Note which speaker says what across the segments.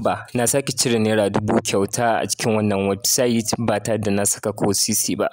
Speaker 1: ba na sake cire naira dubu kyauta a cikin wannan website ba ta da na saka ko sisi ba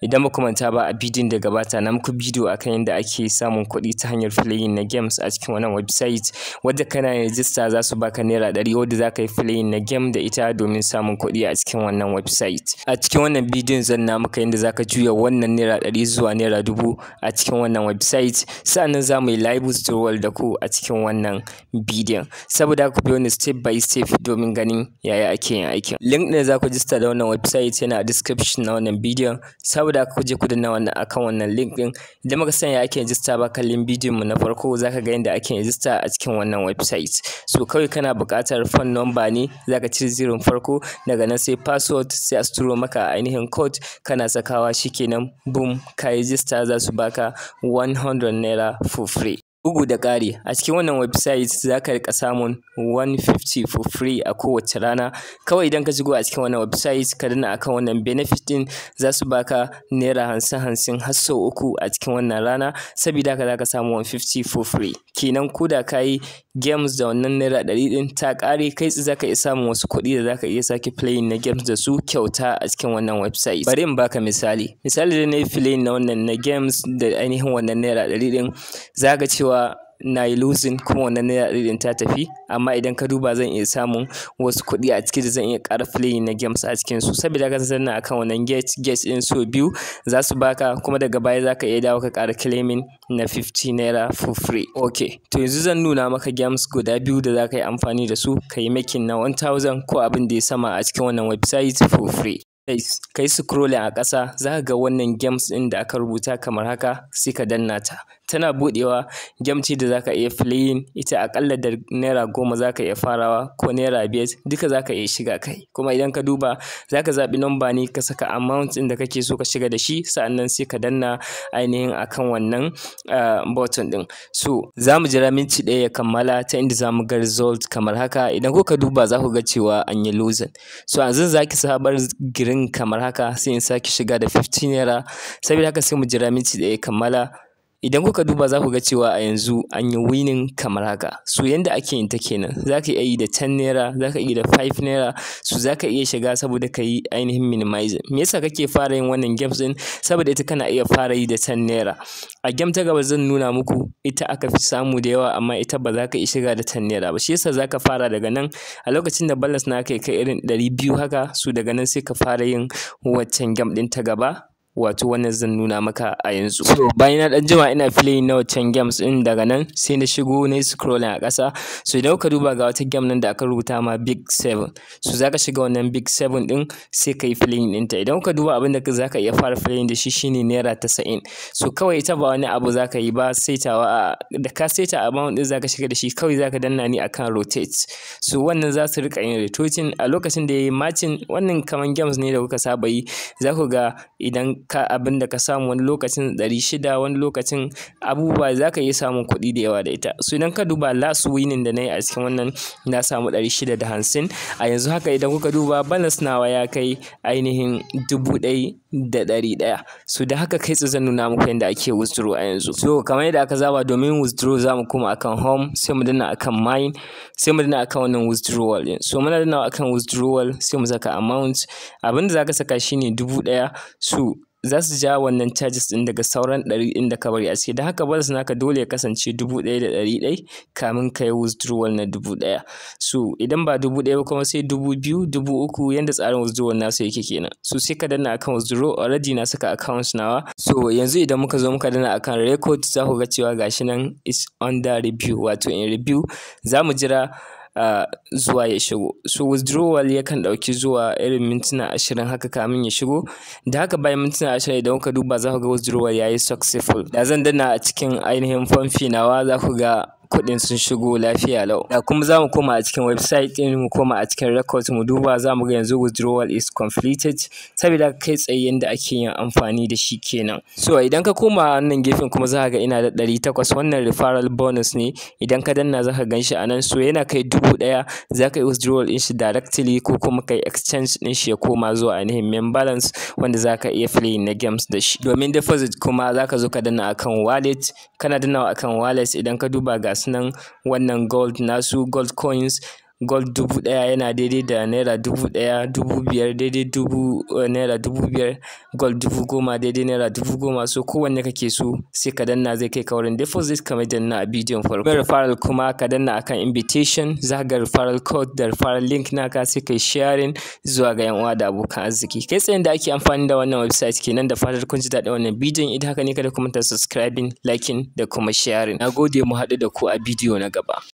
Speaker 1: idan ba manta ba a bidin da gabata na muku bidiyo akan yadda ake samun kuɗi ta hanyar filayin na games a cikin wannan website wadda kana rajista za su baka naira ɗari wadda za ka yi playing na game da ita domin samun kuɗi a cikin wannan website a cikin wannan bidiyon zan na maka yadda za ka juya wannan naira ɗari zuwa naira dubu a cikin wannan website sannan za mu yi live withdrawal da ku a cikin wannan bidiyon saboda ku bi wani step by step step domin ganin yaya ake yin aikin. Link ɗin za ku jista da wannan website yana a description na wannan bidiyon saboda ku je ku danna wannan akan wannan link ɗin. Idan muka san ya ake jista ba kallin bidiyon mu na farko za ka ga yadda ake jista a cikin wannan website. So kawai kana buƙatar phone number ne za ka cire zirin farko daga nan sai password sai a turo maka ainihin code kana sakawa shikenan boom ka jista za su baka 100 naira for free. Bugu da ƙari, a cikin wannan website za ka riƙa samun 150 for free a kowace rana. Kawai idan ka shigo a cikin wannan website ka danna akan wannan benefit ɗin za su baka naira hamsin hamsin har sau uku a cikin wannan rana. Sabida haka za ka samu 150 for free. Kenan ko da ka yi games da wannan naira ɗari ɗin ta ƙare kai tsaye za ka iya samun wasu kuɗi da za ka iya sake playing na games da su kyauta a cikin wannan website. Bari in baka misali. Misali da na yi playing na wannan na games da ainihin wannan naira ɗari ɗin za ka cewa cewa na yi losing kuma wannan naira ta tafi amma idan ka duba zan iya samun wasu kuɗi a ciki da zan iya ƙara playing na games a cikin su saboda ka san na akan wannan gate gate ɗin so biyu za su baka kuma daga baya za ka iya dawo ka ƙara claiming na 50 naira for free ok to yanzu zan nuna maka games guda biyu da za ka yi amfani da su ka yi making na 1000 ko abin da ya sama a cikin wannan website for free kai scrolling a ƙasa za ga wannan games ɗin da aka rubuta kamar haka sai ka danna ta tana buɗewa game da zaka iya playing ita akalla da naira goma zaka iya farawa ko naira biyar duka zaka iya shiga kai kuma idan ka duba zaka zaɓi number ne ka saka amount ɗin da kake so ka shiga da shi sa'annan sai ka danna ainihin akan wannan ah, button ɗin so za mu jira minti ɗaya ya kammala ta inda za mu ga result kamar haka idan kuka duba za ku ga cewa an yi losing so yanzu zaki sabar girin kamar haka sai in sake shiga da 15 naira saboda haka sai mu jira minti ɗaya ya kammala Idan kuka duba za ku ga cewa a yanzu an yi winning kamar haka. su yanda ake yin ta kenan. Za ka iya yi da 10 naira, za ka iya da 5 naira, su za ka iya shiga saboda ka yi ainihin minimizing. Me yasa kake fara yin wannan games din Saboda ita kana iya fara yi da 10 naira. A game ta gaba zan nuna muku ita aka fi samu da yawa amma ita ba za ka iya shiga da 10 naira ba. Shi yasa za ka fara daga nan a lokacin da balance naka ya kai irin 200 haka su daga nan sai ka fara yin waccan game din ta gaba. wato wannan zan nuna maka a yanzu so bayan na dan jima ina playing na wancan games din daga nan sai na shigo na scrolling a ƙasa so idan ka duba ga wata game nan da aka rubuta ma big 7 so zaka shiga wannan big 7 din sai kai playing ɗinta idan ka duba abin da zaka iya fara playing da shi shine naira 90 so kawai ita ba wani abu zaka yi ba saitawa da ka saita amount din zaka shiga da shi kawai zaka danna ni akan rotate so wannan za su rika yin rotating a lokacin da yayi matching wannan kaman games ne da kuka saba yi za ku ga idan ka abin da ka samu wani lokacin ɗari shida wani lokacin abubuwa za ka iya samun kuɗi da yawa da ita su idan ka duba last winning da na yi a cikin wannan na samu ɗari shida da hamsin a yanzu haka idan kuka duba balance nawa ya kai ainihin dubu ɗai da ɗari ɗaya su da haka kai zan nuna muku yadda ake withdraw a yanzu so kamar yadda aka zaba domin withdraw za mu kuma akan home sai mu danna akan mine sai mu danna akan wannan withdrawal din so muna danna akan withdrawal sai mu saka amount abin da ka saka shine dubu ɗaya su. za su ja wannan charges din daga sauran ɗari ɗin da ka bari a ciki da haka balas naka dole ya kasance dubu ɗaya da ɗari ɗai kamin ka yi withdrawal na dubu ɗaya so idan ba dubu ɗaya ba kuma sai dubu biyu dubu uku yanda tsarin withdrawal nasu yake kenan so sai ka danna akan withdraw already na saka accounts nawa so yanzu idan muka zo muka danna akan record za ku ga cewa gashi nan is under review wato in review za mu jira zuwa ya shigo so withdrawal yakan ɗauki zuwa irin mintuna ashirin haka kamin ya shigo da haka bayan mintuna ashirin idan kuka duba za ku ga withdrawal ya yi successful da zan dana a cikin ainihin famfi nawa za ku ga kuɗin sun shigo lafiya lau da kuma za mu koma a cikin website ɗin mu koma a cikin records mu duba za mu ga yanzu withdrawal is completed saboda kai tsaye yanda ake yin amfani da shi kenan so idan ka koma wannan gefen kuma za ka ga ina da ɗari takwas wannan referral bonus ne idan ka danna za ka gan shi a nan so yana kai dubu ɗaya za ka yi withdrawal ɗin shi directly ko kuma kai exchange ɗin shi ya koma zuwa ainihin main balance wanda za ka iya play na games da shi domin deposit kuma za ka zo ka danna akan wallet kana dannawa akan wallet idan ka duba ga su nan wannan gold nasu gold coins gold dubu ɗaya yana daidai da naira dubu ɗaya, dubu biyar daidai dubu eh, naira dubu biyar, gold dubu goma daidai naira dubu goma. So kowanne kake so sai ka danna zai kai ka wurin deposit kamar da na a bidiyon farko. Ga referral kuma ka danna akan invitation za ka ga referral code da referral link ka sai kai sharing zuwa ga 'yan uwa da abokan arziki. Kai tsayin da ake amfani da wannan website kenan da fatar kun ji daɗin wannan bidiyon idan haka ne kada ku manta subscribing, liking da kuma sharing. gode mu haɗu da ku a bidiyo na gaba.